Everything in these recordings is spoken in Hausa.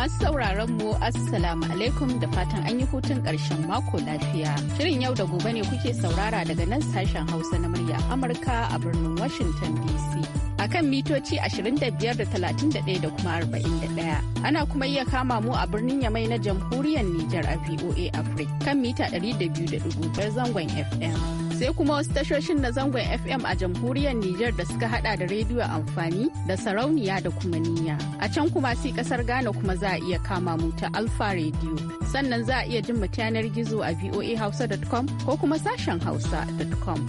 masu sauraron mu assalamu alaikum da fatan an yi hutun ƙarshen mako lafiya. Shirin yau da gobe ne kuke saurara daga nan sashen Hausa na murya Amurka a birnin Washington DC. A kan mitoci 25.31 da da kuma 41. Ana kuma iya kama mu a birnin Yamai na jamhuriyar Nijar a VOA Africa kan mita 200.5 zangon FM. sai kuma wasu tashoshin na zangon FM a jamhuriyar Nijar da suka hada da rediyo amfani da sarauniya da kuma niyya. A can kuma sai kasar Ghana kuma za a iya kama mu ta Alfa Radio. Sannan za a iya jin mu yanar gizo a voahausa.com ko kuma sashen hausa.com.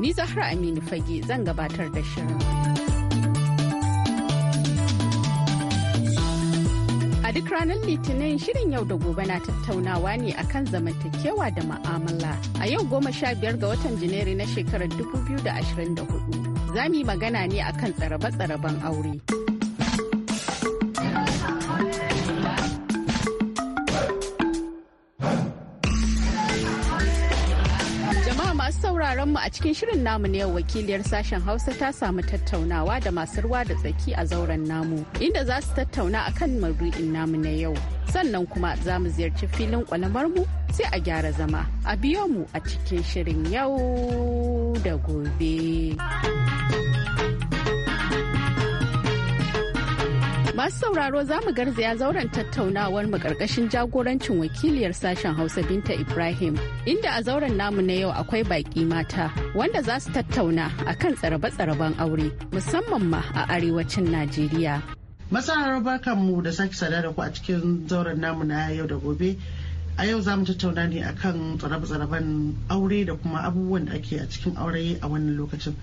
Ni Zahra Aminu Fage zan gabatar da shirin. duk ranar litinin shirin yau da gobe na tattaunawa ne a kan zamantakewa da ma'amala a yau goma sha biyar ga watan janairu na shekarar 2024 za mu yi magana ne akan tsarabe-tsaraben aure. sauraron a cikin shirin namu ne wakiliyar sashen Hausa ta samu tattaunawa da masu ruwa da tsaki a zauren namu inda za su tattauna akan maudu'in namu na yau. Sannan kuma za mu ziyarci filin kwalamar mu sai a gyara zama a biyo mu a cikin shirin yau da gobe. Masu sauraro za mu garzaya zauren tattaunawar mu karkashin jagorancin wakiliyar sashen Hausa Binta Ibrahim, inda a zauren namu na yau akwai baki mata wanda za su tattauna akan tsarabe-tsaraben aure musamman ma a arewacin Najeriya. Masarar mu da sake sada da ku a cikin zauren namu na yau da gobe. A yau za mu tattauna ne akan tsarabe-tsaraben aure da kuma abubuwan da ake a cikin aure a wannan lokacin.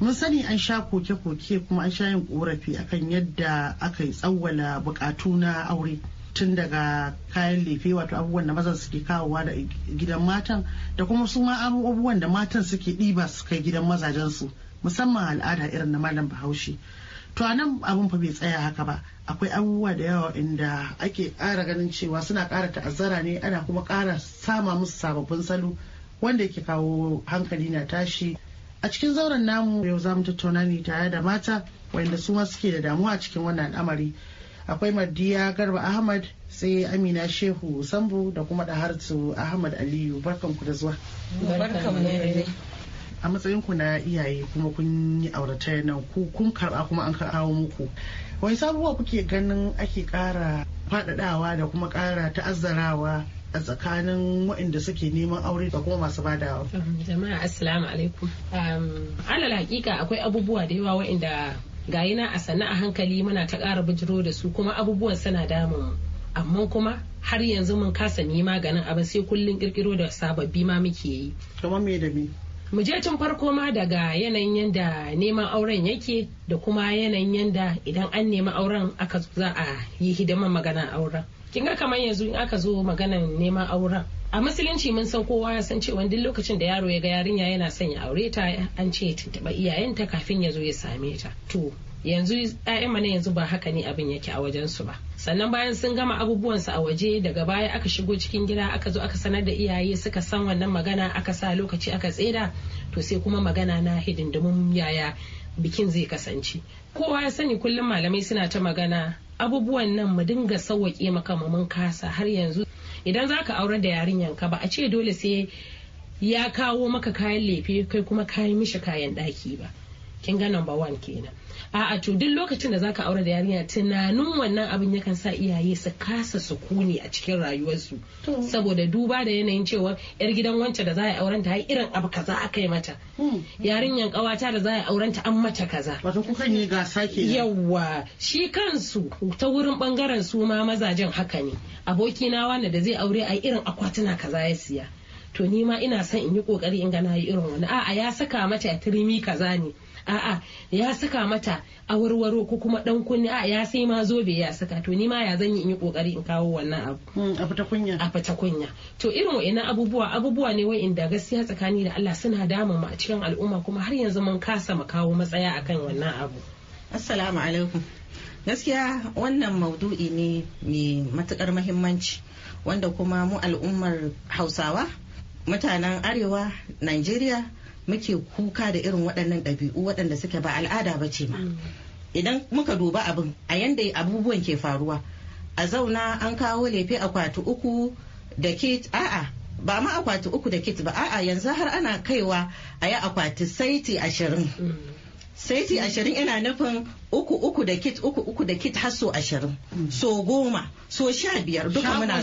mun sani an sha koke-koke kuma an sha yin korafi akan yadda aka yi tsawwala bukatu na aure tun daga kayan lefe wato abubuwan da mazan suke kawowa da gidan matan da kuma su ma abubuwan da matan suke ɗiba su kai gidan mazajen su musamman al'ada irin na malam bahaushe to a nan abin fa bai tsaya haka ba akwai abubuwa da yawa inda ake ƙara ganin cewa suna ƙara ta'azzara ne ana kuma ƙara sama musu sababbin salo wanda yake kawo hankali na tashi a cikin zauren namu yau za mu tattauna ne tare da mata wanda su ma suke da damuwa cikin wannan al'amari akwai madiya garba ahmad sai amina shehu sambu da kuma dahartu ahmad aliyu barkan ku da zuwa a matsayin ku na iyaye kuma kun yi aurata nan ku kun karba kuma an kawo muku wani sabuwa kuke ganin ake ƙara faɗaɗawa da kuma ƙara ta'azzarawa a tsakanin waɗanda suke neman aure da kuma masu badawa. Um, jama'a assalamu alaikum um, alal hakika akwai abubuwa da yawa waɗanda gayi na a sannu a hankali muna ta ƙara bijiro da su kuma abubuwan suna damun amma kuma har yanzu mun kasa mu yi abin sai kullum kirkiro da sababbi ma muke yi. kamar me da me mu je tun farko ma daga yanayin yadda neman auren yake da kuma yanayin yadda idan an nemi auren aka za a yi hidiman maganar auren kin ga kamar yanzu in aka zo maganan neman auren a musulunci mun san kowa ya san cewa duk lokacin da yaro ya ga yarinya yana son ya aure ta an ce ya tuntuɓa iyayenta kafin ya zo ya same ta to yanzu ƴaƴan mana yanzu ba haka ne abin yake a wajen su ba sannan bayan sun gama abubuwansu a waje daga baya aka shigo cikin gida aka zo aka sanar da iyaye suka san wannan magana aka sa lokaci aka tseda to sai kuma magana na hidindimun yaya bikin zai kasance kowa ya sani kullum malamai suna ta magana abubuwan nan mu dinga sauwaƙe maka mun kasa har yanzu idan za ka aurar da yarinyan ka ba a ce dole sai ya kawo maka kayan lefe kai kuma kayan mishi kayan ɗaki ba kin ga number one kenan a'a to duk lokacin da zaka aure da yarinya tunanin wannan abin yakan sa iyaye su kasa su kuni a cikin rayuwarsu saboda duba da yanayin cewa yar gidan wancan da za a auren ta irin abu kaza aka mata hmm. yarinyan kawata da za a auren ta an mata kaza wato kukan yi gasa sake yawa shi kansu ta wurin bangaren su ma mazajen haka ne aboki na wanda da zai aure a irin akwatuna kaza ya siya to ni ma ina son in yi kokari in ga na yi irin wani a'a ya saka mata turmi kaza ne a'a ya saka mata a warwaro ko kuma dan kunni a ya sai ma zobe ya saka to ni ma ya zan yi in yi kokari in kawo wannan abu mm, a fita kunya a fita kunya to irin wa'annan abubuwa abubuwa ne wa'inda gaskiya tsakani da Allah suna dama mu a cikin al'umma kuma har yanzu mun kasa mu kawo matsaya akan wannan abu assalamu alaikum gaskiya wannan maudu'i ne mai matukar muhimmanci wanda kuma mu al'ummar hausawa mutanen arewa Najeriya muke kuka da irin waɗannan ɗabi'u waɗanda suke ba al'ada ba ce ma idan muka duba abin a yanda abubuwan ke faruwa a zauna an kawo lefe akwati uku da kit a'a ba ma akwati uku da kit ba a'a yanzu har ana kaiwa a yi akwati saiti ashirin saiti ashirin yana nufin uku uku da kit uku uku da kit har so ashirin so goma so sha biyar duka muna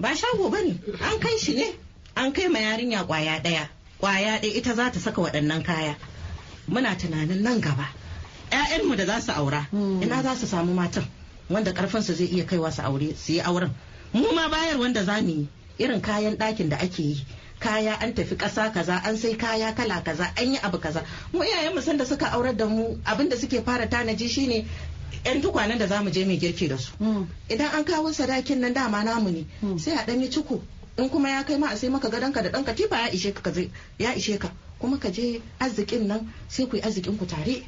ba shago ba an kai shi ne an kai ma yarinya kwaya daya kwaya ɗaya ita za ta saka waɗannan kaya muna tunanin nan gaba 'ya'yanmu da za su aura hmm. ina za su samu matan wanda ƙarfinsu zai iya kaiwa su aure su yi auren mu ma bayar wanda za mu yi irin kayan ɗakin da ake yi kaya an tafi ƙasa kaza an sai kaya kala kaza an yi abu kaza mu iyayen mu sanda suka aurar da mu abin da suke fara tanaji shine yan tukwanen da za mu je mai girki da su hmm. idan an kawo sadakin nan dama namu ne hmm. sai a ɗanyi ciko in kuma ya kai ma a sai maka gadonka da ɗan katifa ya ishe ka ya ishe ka kuma ka je arzikin nan sai ku yi arzikin ku tare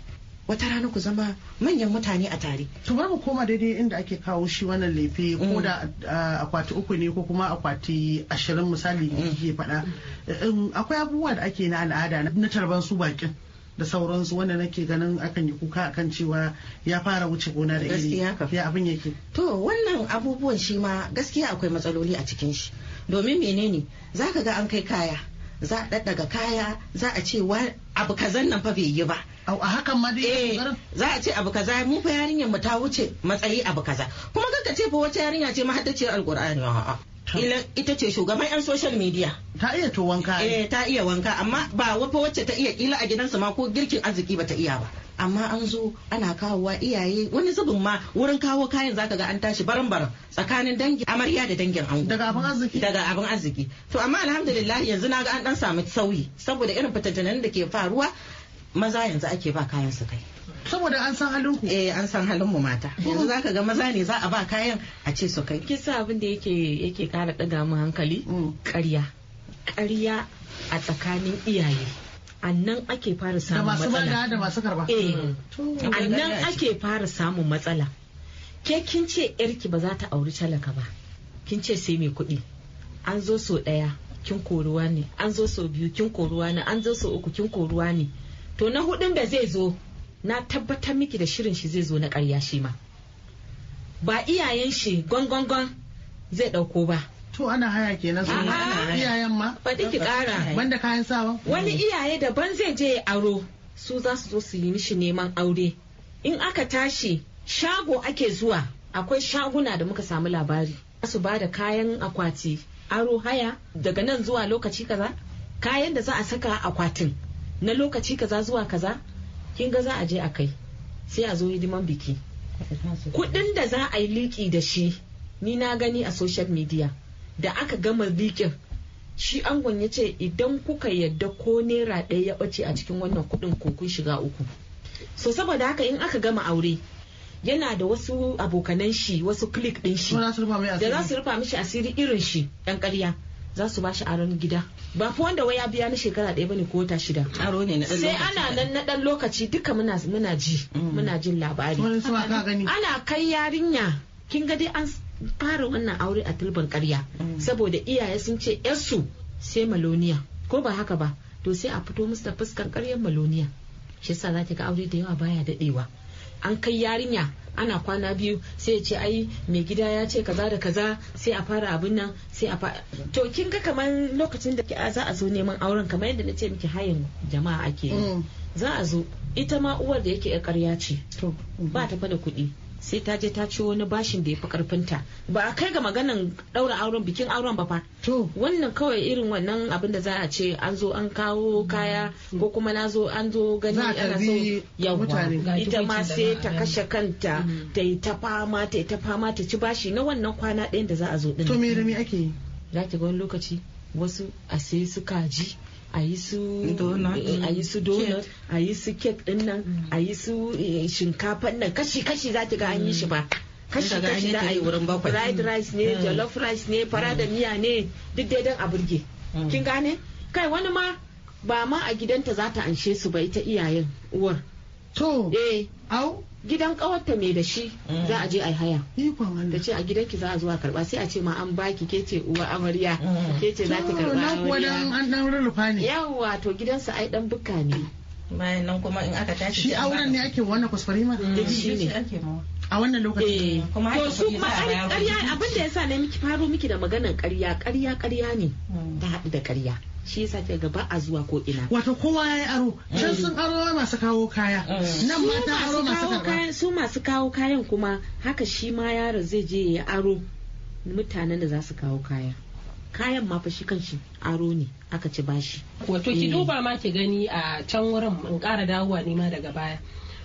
wata rana ku zama manyan mutane a tare. To bari mu koma daidai inda ake kawo shi wannan lefe ko mm. da akwati uku ne ko kuma akwati ashirin misali mm. ke faɗa. Um, akwai abubuwa da ake na al'ada na tarban su bakin. da sauransu wanda nake ganin akan yi kuka akan cewa ya fara wuce gona da iri ya abin yake to wannan abubuwan shi ma gaskiya akwai matsaloli a cikin shi domin menene za ka ga an kai kaya za a daddaga kaya za a ce abu kazan nan fa bai yi ba a hakan ma dai eh, za a ce abu kaza mu fa yarinyar mu ta wuce matsayi abu kaza kuma kaka ce fa wace yarinya ce mahaddaciyar alkur'ani ita ce shugaban 'yan social media ta iya to wanka eh ta iya wanka amma ba wafa wacce ta iya kila a gidansa ma ko girkin arziki ba ta iya ba amma an zo ana kawowa iyaye wani zubin ma wurin kawo kayan zaka ga an tashi baran baran tsakanin dangin amarya da dangin ango daga abin arziki daga abin arziki to amma alhamdulillah yanzu na ga an dan samu sauyi saboda irin fitattunan da ke faruwa maza yanzu ake ba kayan su kai saboda an san halin ku eh an san halin mu mata yanzu zaka ga maza ne za a ba kayan a ce su kai kisa abin da yake yake kara daga mu hankali mm. ƙarya ƙarya a tsakanin iyaye annan ake fara samun matsala da masu karba eh mm. annan ake fara samun matsala ke kin ce yarki ba za ta auri talaka ba kin ce sai mai kuɗi an zo so ɗaya kin koruwa ne an zo so biyu kin koruwa ne an zo so uku kin koruwa ne to na hudun da zai zo na tabbatar miki da shirin shi zai zo na ƙarya shi ma ba iyayen shi gwangwangwan zai ɗauko ba To ana haya kenan su iyayen ma? Baɗi ki ƙara. Banda kayan sawa? Wani iyaye daban zai je aro su za su zo su yi mishi neman aure. In aka tashi shago ake zuwa akwai shaguna da muka samu labari. Su ba da kayan akwati aro haya daga nan zuwa lokaci kaza kayan da za a saka akwatin na lokaci kaza zuwa kaza kin ga za a je a kai sai a zo hidiman biki. Kuɗin da za a yi liƙi da shi ni na gani a social media da aka gama likin shi angon ya ce idan kuka yadda ko naira ɗaya ya ɓace a cikin wannan kuɗin ko kun shiga uku so saboda haka in aka gama aure yana da wasu abokanan shi wasu klik ɗin shi da za su rufa mishi asiri irin shi ɗan ƙarya za su bashi aron gida ba fi wanda waya biya na shekara ɗaya bane ko wata shida sai ana nan na ɗan lokaci duka muna muna ji mm. muna jin labari ana kai yarinya kin ga dai an fara wannan aure a tulban karya mm. saboda iyaye sun ce yarsu sai maloniya ko ba haka ba to sai a fito musu da fuskan karyar maloniya shi yasa zaki ga aure da yawa baya dadewa an kai yarinya ana kwana biyu sai ya ce ai mai gida ya ce kaza da kaza sai a fara abin nan sai a fara to kin ga kaman lokacin da za a zo neman auren kamar yadda na ce miki hayin jama'a ake yi mm. za a zo ita ma uwar da yake ya ce mm-hmm. ba ta fada kuɗi sai ta je ta ciwo wani bashin da ya fi karfinta ba a kai ga maganan daura auren bikin auren ba fa wannan kawai irin wannan abin da za a ce an zo an kawo kaya mm. ko kuma na zo an zo gani ana so yawwa ita ma sai ta kashe kanta mm. ta yi ta fama ta yi ta fama ta ci bashi na wannan kwana ɗayan da za a zo din to me rami ake yi za ki ga wani lokaci wasu a sai su kaji a yi su donut eh, a yi su kek din nan a yi su mm. eh, shinkafan nan kashi-kashi za ki ga an yi shi ba kashi-kashi mm. za a yi wurin bakwai fried mm. rice ne jollof rice ne fara da miya ne duk dai don a burge kin gane kai wani ma ba ma a gidanta za ta anshe su ba ita iyayen uwar to eh au gidan kawarta mai da shi mm. za a je a haya Da ce a gidanki za a zuwa karba sai a ce ma an baki ke ce uwa amarya mm. ke ce za ta karba amarya yawa to gidansa ai dan buka ne bayan nan kuma in aka tashi shi auren ne ake wannan kuskure ma mm. shi ne ake a wannan lokacin eh, kuma to su kuma ƙarya abin da yasa ne miki faro miki da maganar ƙarya ƙarya ƙarya ne ta haɗu da ƙarya shi yasa ke gaba a zuwa ko ina wato kowa ya aro eh. can sun aro masu kawo kaya eh. nan mata aro masu kawo su masu kawo kayan kuma haka shi ma yaron zai je ya aro mutanen da za su kawo kaya kayan ma fa shi kanshi aro ne aka ci bashi wato ki eh. duba ma ki gani a can wurin in ƙara dawowa ne ma daga baya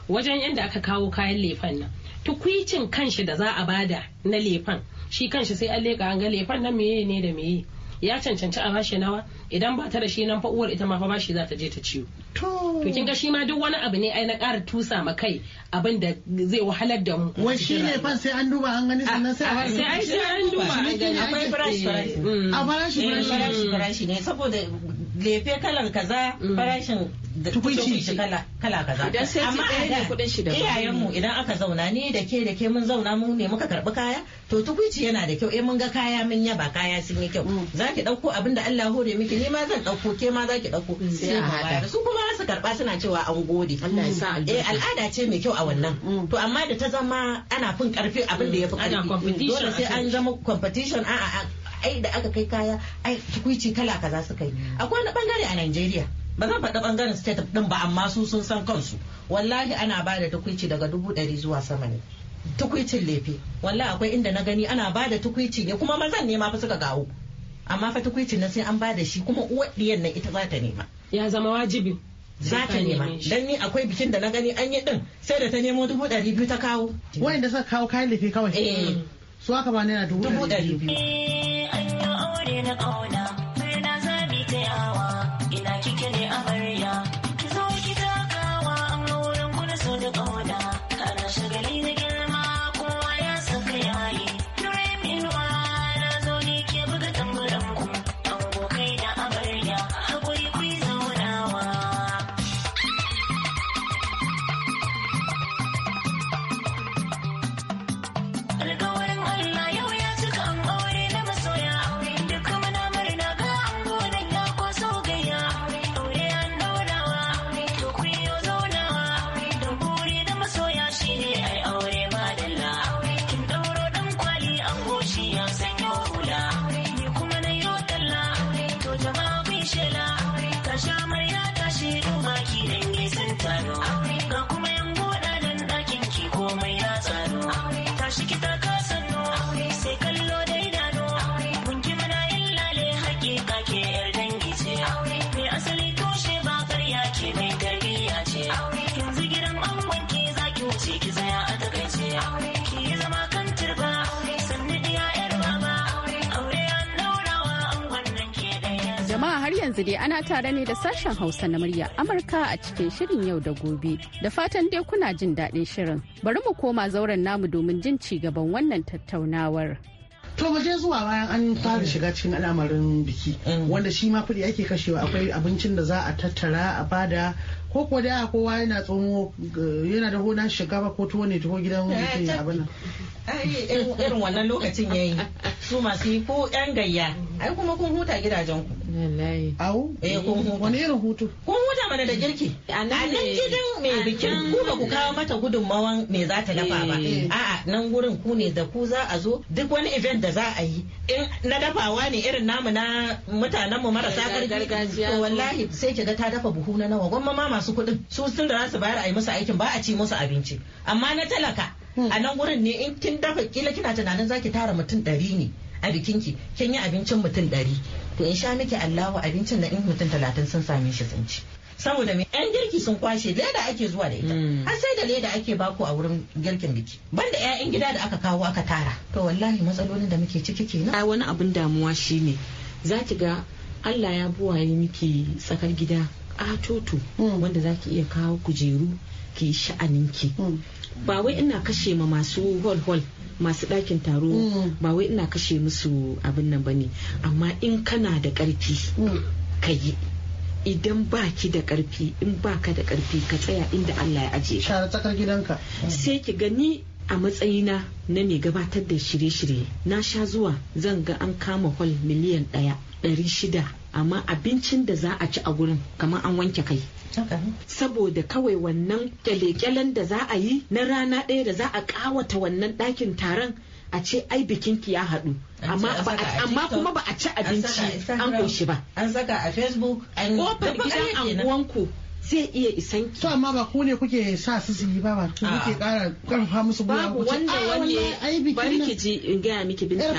wajen yadda aka kawo kayan lefan nan tukwicin kanshi da za a bada na lefan shi kanshi sai an leka an ga lefan nan meye ne da meye ya cancanci a bashi nawa idan ba ta da shi nan fa uwar ita ma fa bashi za ta je ta ciwo to kin ga shi ma duk wani abu ne ai na ƙara tusa ma kai abin da zai wahalar da mu wai shi ne fa sai an duba an gani sannan sai a sai ah, ai ah, sai an duba akwai farashi mm. a farashi farashi ne saboda lefe kalan kaza mm. farashin tukunci kala kaza amma a da iyayen mu idan aka zauna ne da ke da ke mun zauna mun ne muka karbi kaya to tukunci yana da kyau eh mun ga kaya mun yaba kaya sun yi kyau mm. zaki dauko abin da Allah hore miki ni ma zan dauko ke ma zaki dauko mm. sai hada su kuma su karba suna cewa an gode eh, al'ada ce mai kyau a wannan to amma da ta zama ana fin karfi abin da ya fi karfi dole sai an zama competition a'a. ai da aka kai kaya ai tukuici kala kaza suka yi hmm. akwai wani bangare a Najeriya ba zan faɗi bangaren state din ba amma su sun san kansu wallahi ana ba da tukuici daga dubu ɗari zuwa sama ne tukuicin lefe wallahi akwai inda na gani ana ba da tukuici ne kuma mazan ne ma fa suka gawo amma fa tukuicin na sai an ba da shi kuma uwar diyan nan ita za ta nema ya zama wajibi za ta nema dan ni akwai bikin da na gani an yi din sai da ta nemo dubu ɗari biyu ta kawo wanda suka kawo kayan lefe kawai eh. su aka bani na dubu ɗari biyu. Eh, yanzu dai ana tare ne da sashen Hausa na murya Amurka a cikin shirin yau da gobe. Da fatan dai kuna jin daɗin shirin. Bari mu koma zauren namu domin jin ci gaban wannan tattaunawar. to zuwa bayan an fara shiga cikin al'amarin biki mm. wanda shi ma fudi ake kashewa akwai abincin da za a tattara a bada ko kuwa da kowa yana tsomo yana da hona shiga ba ko tuwo ne tuwo gidan eh, bikin abin nan irin wannan lokacin yayi su masu yi ko yan gayya ai kuma kun huta gidajen ku wallahi au eh kun huta wani irin hutu kun huta mana da girki a nan gidan mai bikin ku ba ku kawo mata gudunmawan me za ta dafa ba eh. a'a nan gurin ku ne da ku za a zo duk wani event da za a yi in na dafawa ne irin namu na mutanen mu marasa karfi to wallahi sai ki ga ta dafa buhu na nawa gwamma ma masu kuɗin su sun da za su bayar a yi musu aikin ba a ci musu abinci amma na talaka hmm. a nan wurin ne in kin dafa kila kina tunanin zaki tara mutum ɗari ne a bikinki kin yi abincin mutum ɗari to in sha miki allahu abincin na in mutum talatin sun same shi sun saboda mai yan girki sun kwashe leda ake zuwa da ita mm. har sai da leda ake bako a wurin girkin biki banda ƴaƴan gida da aka kawo aka tara to wallahi matsalolin da muke ciki kenan wani abin damuwa shine zaki ga Allah ya buwaye miki tsakar gida a toto mm. wanda zaki iya kawo kujeru ki sha'aninki mm. ba wai ina kashe ma masu hol hol masu ɗakin taro mm. ba wai ina kashe musu abin nan bane amma in kana da ƙarfi mm. ka yi idan ba ki da ƙarfi in ba ka da ƙarfi ka tsaya inda Allah ya ajiye gidanka sai ki gani a matsayina na mai gabatar da shirye-shirye na sha zuwa zan ga an kama hol miliyan ɗaya ɗari shida amma abincin da za a ci a gurin kamar an wanke kai saboda kawai wannan kyale-kyalen da za a yi na rana ɗaya da za a ƙawata wannan ɗakin taron a ce ai bikinki ya haɗu amma kuma ba a ci abinci an koshi ba an saka a facebook an kofar gidan anguwanku zai iya isan ki. To amma ba ku ne kuke sa su su yi ba ba ku kuke kara karfa musu gwiwa ku ce a wanda ah, bari ki ji in gaya miki binta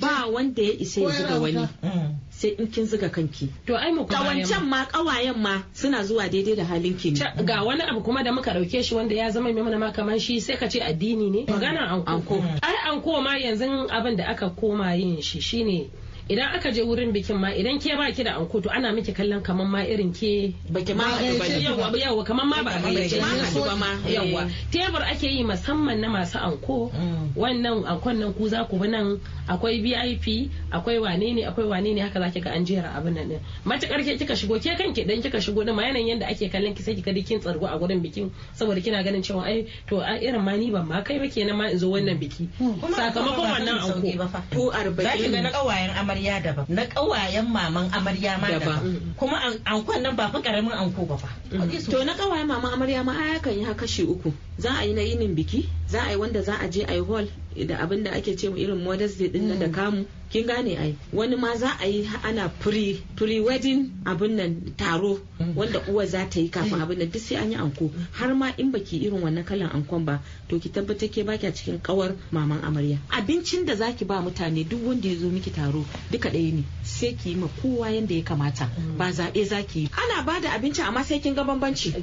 ba wanda ya isa ya zuga wani mm. sai in kin zuga kanki. To ai mu kuma wancan ma kawayen ma suna zuwa daidai da halin ki ne. Ga wani abu kuma da muka dauke shi wanda ya zama mai mana ma kamar shi sai ka ce addini ne maganar anko. Ai anko ma yanzu abin da aka koma yin shi shine idan aka je wurin bikin ma idan ke baki da anko to ana miki kallon kaman ma irin ke baki ma yawa yawa kaman ma ba a gayyace ma ma yawa eh. tebur ake yi musamman na masu anko mm. wannan ankon nan ku za ku bi nan akwai VIP akwai wane ne akwai wane ne haka zaki ga an jera abin nan din matukar ke kika shigo ke kanki dan kika shigo din ma yanayin yadda ake kallon ki sai kika kin tsargo a gurin bikin saboda kina ganin cewa ai to a irin ma ni ban ma kai ba kenan ma in zo wannan biki mm. sakamakon wannan anko to 40 zaki ga na kawayen amarya amarya daban na kawayen maman amarya ma daban kuma ankon nan ba fa karamin anko ba mm. to na kawayen maman amarya ma aya kan yi haka kashi uku za a yi na yinin biki za a yi wanda za a je a yi hall da abin da ake ce irin modas da din mm. da kamu kin gane ai wani ma za a yi ana pre pre wedding abin nan taro mm. wanda uwa za ta yi kafin abin nan duk sai an yi anko har ma in baki irin wannan kalan ankon ba to ki tabbata ke baki a cikin kawar maman amarya abincin da zaki ba mutane duk wanda ya zo miki taro duka ɗaya ne sai ki yi ma kowa yanda ya kamata mm. ba zaɓe zaki yi ana ba da abinci amma sai kin ga bambanci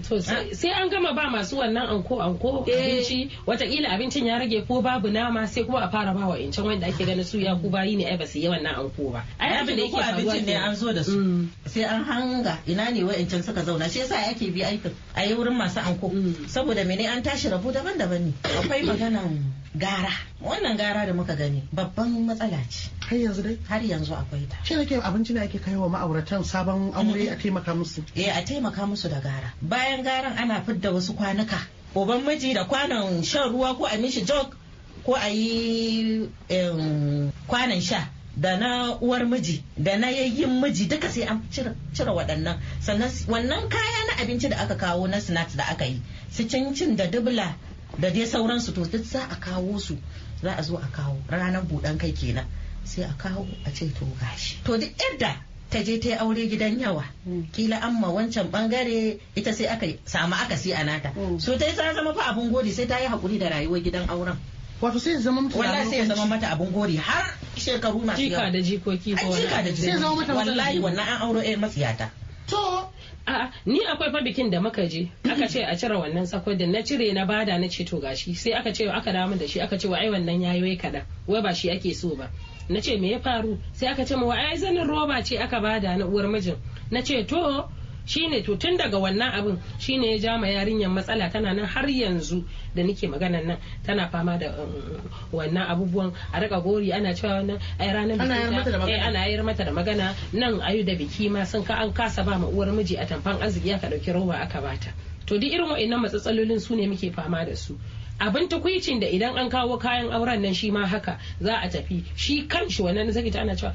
sai an gama ba masu wannan anko anko eh. abinci watakila abincin ya rage ko babu nama sai kuma a fara ba wa incan wanda ake ganin su ya ku bayi ne ai ba su yi wannan anko ba ai abin da yake faruwa ne an zo da su mm. sai an hanga ina ne wa'incan suka zauna shi yasa ake bi aikin a yi wurin masu anko mm. saboda mene an tashi rabu daban-daban ne akwai mm. maganan gara wannan gara da muka gani babban matsala ce har yanzu dai har yanzu akwai ta shi ake abinci ne ake kai wa ma'auratan sabon aure a taimaka musu eh a taimaka musu da gara bayan garan ana fidda wasu kwanuka Oban miji da kwanon shan ruwa ko a mishi jog ko a yi kwanan sha da na uwar miji da na yayyin miji duka sai an cire waɗannan sannan wannan kaya na abinci da aka kawo na sinat da aka yi su cincin da dubla da dai sauransu to duk za a kawo su za a zo a kawo ranar buɗan kai kenan sai a kawo a ce to gashi to duk yadda ta je ta yi aure gidan yawa mm. kila an ma wancan bangare ita sai aka samu aka si a nata mm. so ta yi zama fa abun gode sai ta yi hakuri da rayuwar gidan auren wato sai zama mutu wallahi sai zama mata abun gori har shekaru masu yawa jika da jikoki ko wani jika da jikoki sai zama mata wallahi wannan an auro eh matsiyata. to a ni akwai fa bikin da muka je aka ce a cire wannan tsakon da na cire na bada na ce to gashi sai aka ce aka dawo da shi aka ce wa ai wannan yayi wai kada wai ba shi ake so ba na ce me ya faru sai aka ce wa ai zanin roba ce aka bada na uwar mijin na ce to shine to tun daga wannan abin shine ya ja ma yarinyar matsala tana nan har yanzu da nake maganan nan tana fama da um, wannan abubuwan a raka gori ana cewa wannan ai ranar biki ana yayar eh, mata da magana nan ayu da biki ma sun ka an kasa ba ma uwar miji a tamfan arziki aka dauki roba aka bata to duk irin wa'annan matsatsalolin su ne muke fama da su abin tukwicin da idan an kawo kayan auren nan shi ma haka za a tafi shi kan shi wannan zaki ta ana cewa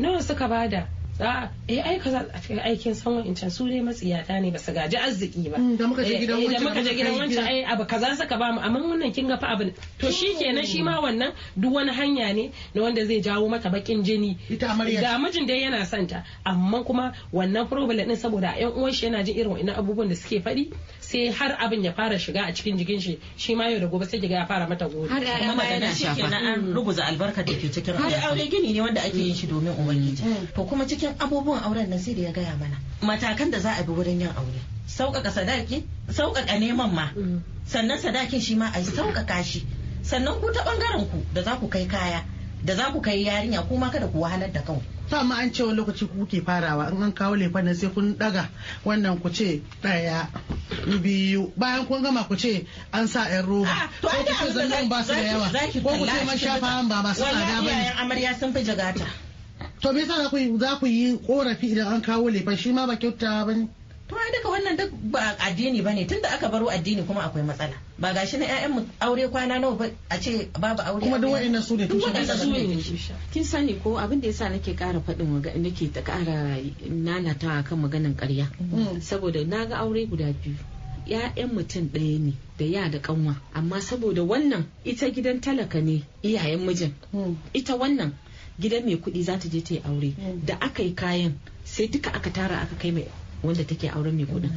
nawa suka bada za eh ai kaza eh, a cikin aikin san wa'incan su dai matsiyata ne ba su gaji arziki ba mm, da muka je eh, gidan eh, wancan da muka je gidan wancan ai abu kaza suka ba mu amma wannan kin ga fa abin to kenan shi ma mm. wannan duk wani hanya ne na wanda zai jawo mata bakin jini ga mijin dai yana son ta amma kuma wannan problem din saboda yan uwan shi yana jin irin wa'annan abubuwan da suke faɗi sai har abin ya fara shiga a cikin jikin shi shi ma yau da gobe sai kiga ya fara mata gobe har ya ma yana shafa mm. rubuza albarka da ke cikin aure gini ne wanda ake yin shi domin ubangiji to kuma cikin cikin abubuwan auren nan sai da ya gaya mana matakan da za a bi wurin yin aure sauƙaƙa sadaki sauƙaƙa neman ma mm. sannan sadakin shi ma a yi sauƙaƙa shi sannan ku ta ɓangaren ku da za ku kai kaya da za ku kai yarinya kuma kada ku wahalar da kanku ta ma an ce wani lokaci kuke farawa in an kawo lefa nan sai kun daga wannan ku ce ɗaya biyu bayan kun gama ku ce an sa yan roba ko ku ce zannan ba su da yawa ko ku ce shafa ba masu tsada ba ne amarya sun fi jigata. to me yasa za ku yi korafi idan an kawo lefa shi ma ba kyauta ba ne to ai daga wannan duk ba addini bane da aka baro addini kuma akwai matsala ba shi na ƴaƴan aure kwana nawa ba a ce babu aure kuma duk wa'annan su ne tushen su ne kin sani ko abin da yasa nake kara faɗin nake ta ƙara nanata kan maganan ƙarya mm. saboda na ga aure guda biyu ‘ya'yan mutum ɗaya ne da ya da kanwa amma saboda wannan ita gidan talaka ne iyayen mijin mm. ita wannan gidan mai kuɗi za ta je ta yi aure mm. da aka yi kayan sai duka aka tara aka kai mai wanda take auren mai kuɗin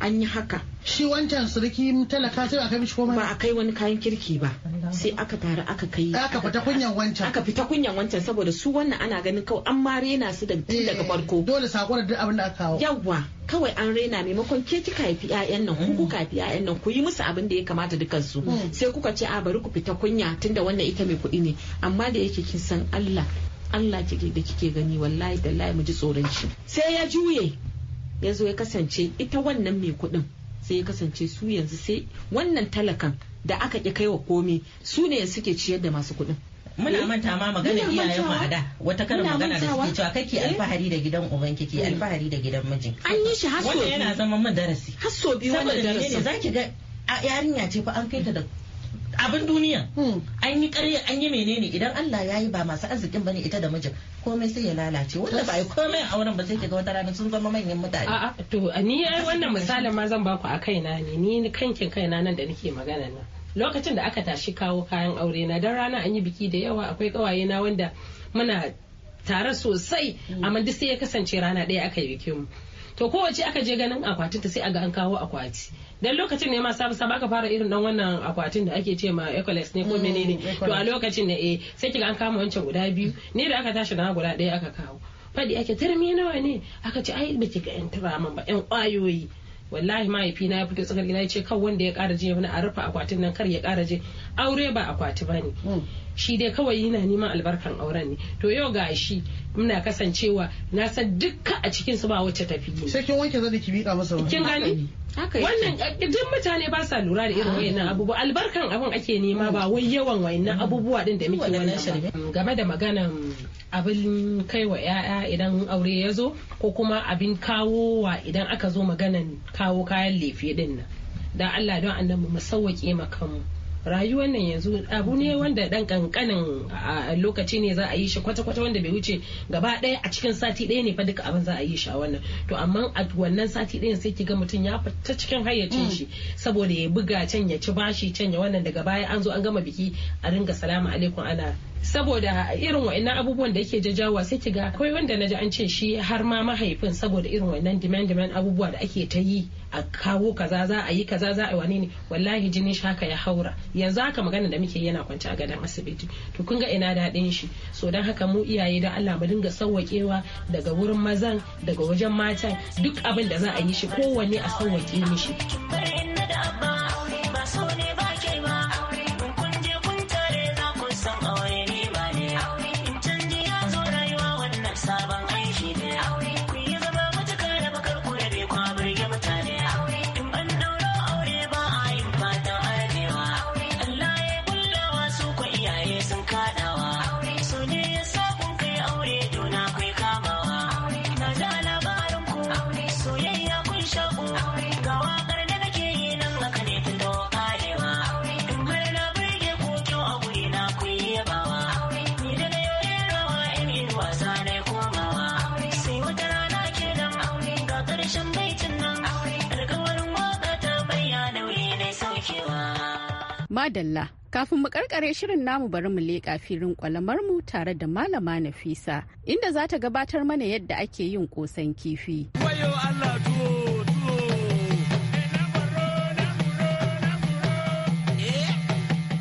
an yi haka shi wancan surki talaka sai aka bishi komai ba a kai wani kayan kirki ba sai aka taru aka kai aka fita kunyan wancan aka fita kunyan wancan saboda su wannan ana ganin kawai an ma rena su daga eh, farko dole sakon duk abin da aka kawo yawwa kawai an rena maimakon ke kika haifi ƴaƴan nan ku mm. kuka haifi ƴaƴan nan ku yi musu abin da ya kamata dukan su mm. sai kuka ce a bari ku fita kunya tunda wannan ita mai kuɗi ne amma da yake kin san Allah Allah kike da kike gani wallahi da mu ji tsoron shi sai ya juye yanzu ya kasance ita wannan mai kudin sai ya kasance su yanzu sai wannan talakan da aka ƙi kaiwa komi su ne suke ciyar da masu kuɗin muna eh, manta ma magana iyayen mu ada wata karin magana da suke cewa kake eh. alfahari da gidan uban kike mm. alfahari da gidan mijin an yi shi hasso wannan yana zama mun darasi hasso biyu wannan darasi saboda menene zaki ga yarinya ce fa an kai ta da abin duniya hmm. an yi ƙarya an yi menene idan Allah ya yi ba masu arzikin bane ita da mijin komai sai ya lalace wanda ba ya komai a wurin ba sai kiga wata rana sun zama manyan mutane a'a to ni ai wannan misalin ma zan baku a kaina ne ni kankin kaina nan da nake magana nan lokacin da aka tashi kawo kayan aure na dan rana an yi biki da yawa akwai kawaye na wanda muna tare sosai hmm. amma duk sai ya kasance rana ɗaya aka yi bikin mu to kowace aka je ganin akwatin ta sai a ga an kawo akwati dan lokacin ne ma sabu sabu aka fara irin dan wannan akwatin da ake ce ma ecoles ne ko mm, menene to a lokacin ne eh sai kiga an kama wancan guda biyu ne da aka tashi na guda ɗaya aka kawo faɗi ake tarmi nawa ne aka ce ai baki ga yan turaman ba yan ƙwayoyi wallahi mahaifina ya fito tsakar gida ya ce kan wanda ya kara je wani a rufe akwatin nan kar ya kara je aure ba akwati ne hmm. shi dai kawai yana neman albarkan auren ne to yau ga shi muna kasancewa na san dukka a cikin su ba wacce tafi sai kin wanke zan ki bika masa kin gani wannan eh, duk mutane ba sa lura da irin ah. wayannan abubuwa albarkan abin ake nema ba wai yawan wayannan hmm. abubuwa din da muke wannan game da maganan abin kai wa 'ya'ya idan aure ya zo ko kuma abin kawo wa idan aka zo maganan kawo kayan lefe din nan da allah don annabi mu sauwaƙe kanmu rayuwar nan yanzu abu ne wanda dan kankanin lokaci ne za a yi shi kwata-kwata wanda bai wuce gaba ɗaya a cikin sati ɗaya ne fa duka abin za a yi shi a wannan to amma a wannan sati ɗayan sai ki ga mutum ya fita cikin hayyacin shi saboda ya buga can ya ci bashi can ya wannan daga baya an zo an gama biki a ringa salamu alaikum ana saboda irin wa'annan abubuwan da yake jajawa sai ki ga akwai wanda na ji an ce shi har ma mahaifin saboda irin wa'annan demand demand abubuwa da ake ta yi a kawo kaza za a yi kaza za a yi wani ne wallahi jinin shi haka ya haura yanzu haka magana da muke yana kwance a gadon asibiti to kun ga ina daɗin shi so don haka mu iyaye da Allah mu dinga sawwakewa daga wurin mazan daga wajen matan duk abin da za a yi shi kowanne a sawwake mishi. madalla kafin mu karkare shirin namu bari mu leƙa filin mu tare da malama nafisa inda za ta gabatar mana yadda ake yin kosan kifi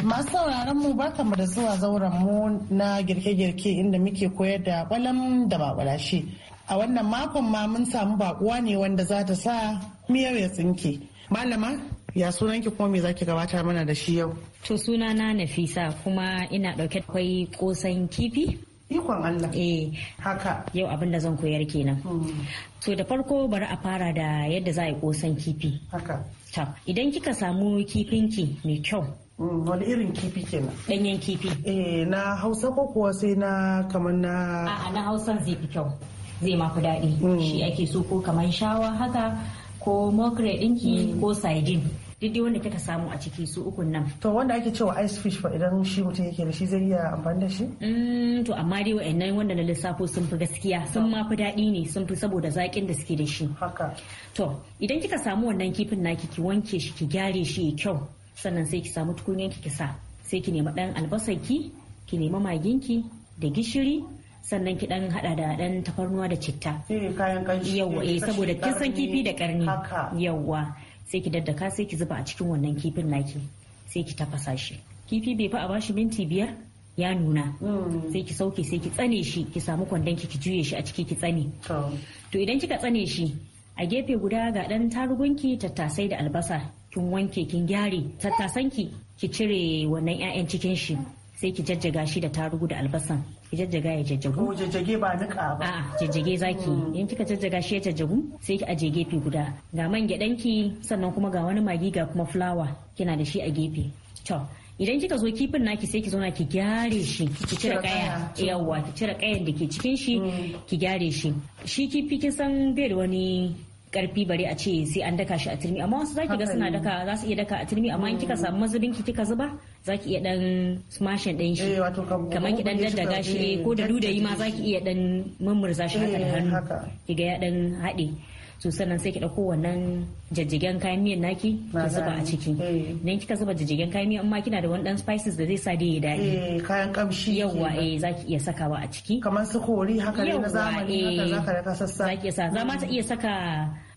masu sauraron mu barkamu da zuwa zauren mu na girke-girke inda muke koyar da kwalam da bakwalashi a wannan makon ma mun samu bakuwa ne wanda za ta sa miyar ya tsinke malama Ya sunan ki kuma me zaki gabata mana da shi yau? To suna na Nafisa kuma ina dauke akwai kosan kifi. Ikon Allah. Eh. Haka. Yau abin da zan koyar kenan. Mm. To da farko bari a fara da yadda za a yi kosan kifi. Haka. Ta idan kika samu kifinki mai kyau mm, wani irin kifi kenan danyen kifi eh na hausa ko kuwa sai na kamar na a'a na hausan zai fi kyau zai maku daɗi mm. shi ake so ko kamar shawa haka ko mokre ɗinki ko sardine didi wanda kika samu a ciki su ukun nan to wanda ake cewa ice fish fa idan shi mutum yake da shi zai iya amfani da shi mm, to amma dai wa'annan wanda na lissafo sun fi gaskiya sun ma fi daɗi ne sun fi saboda zaƙin da suke da shi haka to idan kika samu wannan kifin naki ki wanke shi ki gyare shi ya kyau sannan sai ki samu tukunyar ki kisa sai ki nemi ɗan albasar ki ki nemi magin ki da gishiri sannan ki dan hada da dan tafarnuwa da citta. Eh, Yawwa eh, saboda kin san kifi da karni. Yawwa sai ki daddaka sai ki zuba a cikin wannan kifin naki sai ki tafasa shi kifi bai fi a bashi minti biyar ya nuna mm. sai ki sauke sai ki tsane shi ki samu kwandon ki juye shi a ciki ki tsane to idan kika tsane shi a gefe guda ga dan tarugunki tattasai da albasa kin wanke kin gyare tattasanki ki cire wannan 'ya'yan cikin shi sai ki jajjaga shi da tarugu da albasan ki jajjaga ya jajjagu ko jajjage ba nika ba a jajjage zaki hmm. in kika jajjaga shi ya jajjagu sai ki aje gefe guda ga man gyadan ki sannan kuma ga wani magi ga kuma fulawa kina da shi a gefe to idan kika zo kifin naki sai ki zo ki gyare shi ki cire kaya yawwa ki cire kayan da ke cikin shi hmm. ki gyare shi shi kifi kin san bai da wani karfi bare a ce sai an daka shi a turmi amma wasu zaki ga suna daka za su iya daka a turmi amma in kika mm. samu mazubin ki kika zuba za ki iya dan smashin din shi eh, kamar ki dan daddaga shi ko da dudayi ma zaki iya dan mamurza shi haka da eh, hannu ki ga ya dan haɗe to sannan sai ki dauko wannan jajjigen kayan miyan naki ki zuba a ciki eh. idan kika zuba jajjigen kayan miyan amma kina da wani dan spices da zai sa da ya daɗi eh, kayan kamshi yawa eh zaki iya sakawa a ciki kamar su kori haka ne na zamani haka eh, zaka rika sassa zaki sa za ma ta iya saka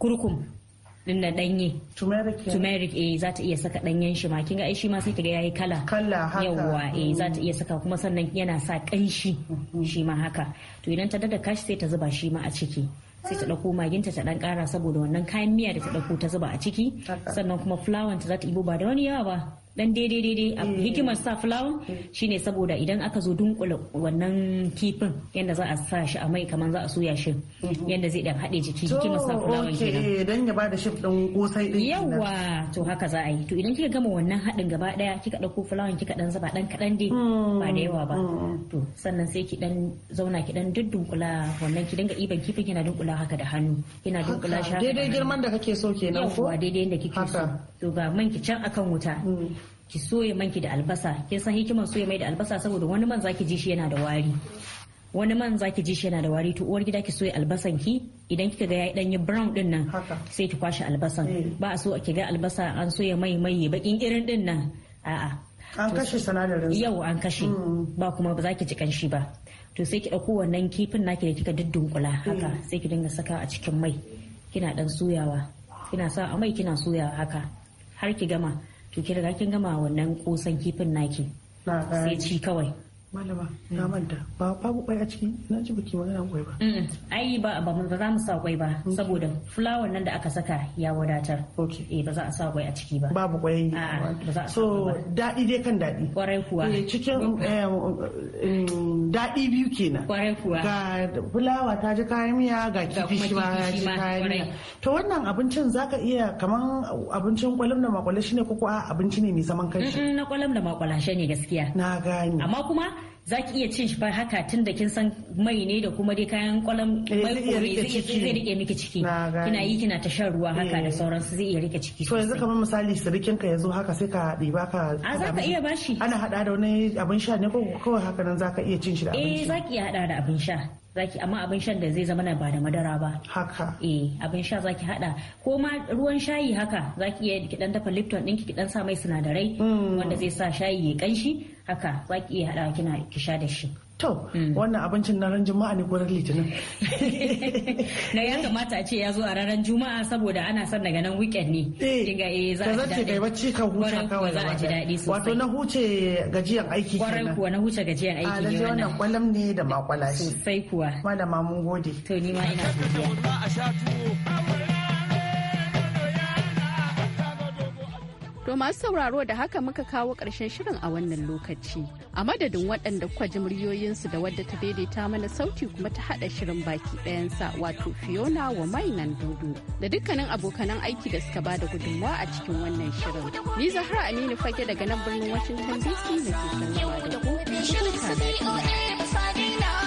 kurkum din na danye turmeric turmeric eh za ta iya saka danyen shi ma kin ga ai shi ma sai kiga yayi kala kala haka yawa eh za ta mm. iya saka kuma sannan yana sa kanshi mm-hmm. shi ma haka to idan ta dada kashi sai ta zuba shi ma a ciki sai ta dauko maginta ta ɗan ƙara saboda wannan kayan miya da ta dauko ta zuba a ciki sannan kuma fulawan ta za ta ibo ba da wani yawa ba dan daidai daidai a mm. hikimar sa fulawa mm. shine saboda idan aka zo dunkula wannan kifin yadda za a sa shi a mai kamar za a soya shi mm-hmm. yadda zai dan haɗe jiki hikimar sa fulawa kenan dan ya bada shi dan kosai din yawa to haka za a yi to idan kika gama wannan haɗin gaba daya kika dauko fulawan kika dan zuba dan kadan dai mm. ba da yawa ba to sannan sai ki dan zauna ki dan dunkula wannan ki dinga iban kifin kina dunkula haka da hannu kina dunkula shi daidai girman da kake so kenan ko daidai yadda kike so to ga man ki can akan wuta ki soya manki da albasa kin san hikiman soya mai da albasa saboda wani man zaki ji shi yana da wari wani man zaki ji shi yana da wari to uwar gida ki soya albasan ki idan kika ga yayi yi brown din nan sai ki kwashe albasan eh. ba a so ki ga albasa an soya mai mai bakin irin din nan a'a an kashe sanadarin yau an kashe mm. ba kuma ba zaki ki ji kanshi ba to sai ki dauko wannan kifin naki da kika duddunkula eh. haka sai ki dinga saka a cikin mai kina dan soyawa kina sa a mai kina soyawa haka har ki gama to ki riga kin gama wannan kosan kifin naki sai ci kawai malama na eh. manta ba babu kwai a ciki na ji biki magana kwai ba ai ba ba ba za mu sa kwai ba mm. saboda flower nan da aka saka ya wadatar eh ba za a sa kwai a ciki ba babu kwai so daɗi dai kan daɗi kwarai kuwa eh, cikin mm. daɗi biyu kenan kwarai kuwa ga flower ta ji kayan miya ga kifi shi ma ya ji kayan miya to wannan abincin zaka iya kaman abincin kwalam da makwala shine ko ko abinci ne mai zaman kanshi na kwalam da makwala ne gaskiya na gani amma kuma za ki iya cin shi fa haka tun da kin san mai ne da kuma dai kayan kwalam eh, mai kore zai rike miki ciki kina yi kina ta shan ruwa haka da eh. sauransu zai iya rike ciki to yanzu kamar misali sirikin ka yazo haka sai ka ɗiba ka a za ka iya bashi ana hada da wani abin sha ne ko kawai haka nan za ka iya cin shi da abin sha eh za ki iya hada da abin sha zaki amma abin shan da zai zama na ba da madara ba haka eh abin sha zaki hada ko ma ruwan shayi haka zaki iya ki dan dafa lifton din ki dan sa mai sinadarai mm. wanda zai sa shayi ya kanshi haka zaki iya hada kina ki sha da shi To, mm. wannan abincin na ran juma'a ne ko litinin. Na ya kamata a ce ya zo a ranar juma'a saboda ana son daga nan weekend ne. Eh, Kinga eh za a ji daɗi. bacci kan huta kawai. Za a ji daɗi sosai. Wato na huce gajiyan aiki kenan. Kwarai kuwa na huce gajiyan ah, aiki ne wannan. wannan kwalam ne da makwalashi. Sosai kuwa. Malama mun gode. To ni ma ina godiya. To masu sauraro da haka muka kawo ƙarshen shirin a wannan lokaci. A madadin waɗanda kuka ji muryoyinsu da wadda ta daidaita mana sauti kuma ta haɗa shirin baki ɗayansa wato Fiona wa mainan dudu da dukkanin abokanan aiki da suka bada gudunmawa a cikin wannan shirin. Ni Zahra Aminu Fage daga nan birnin Washington DC na ke sanarwa da ku.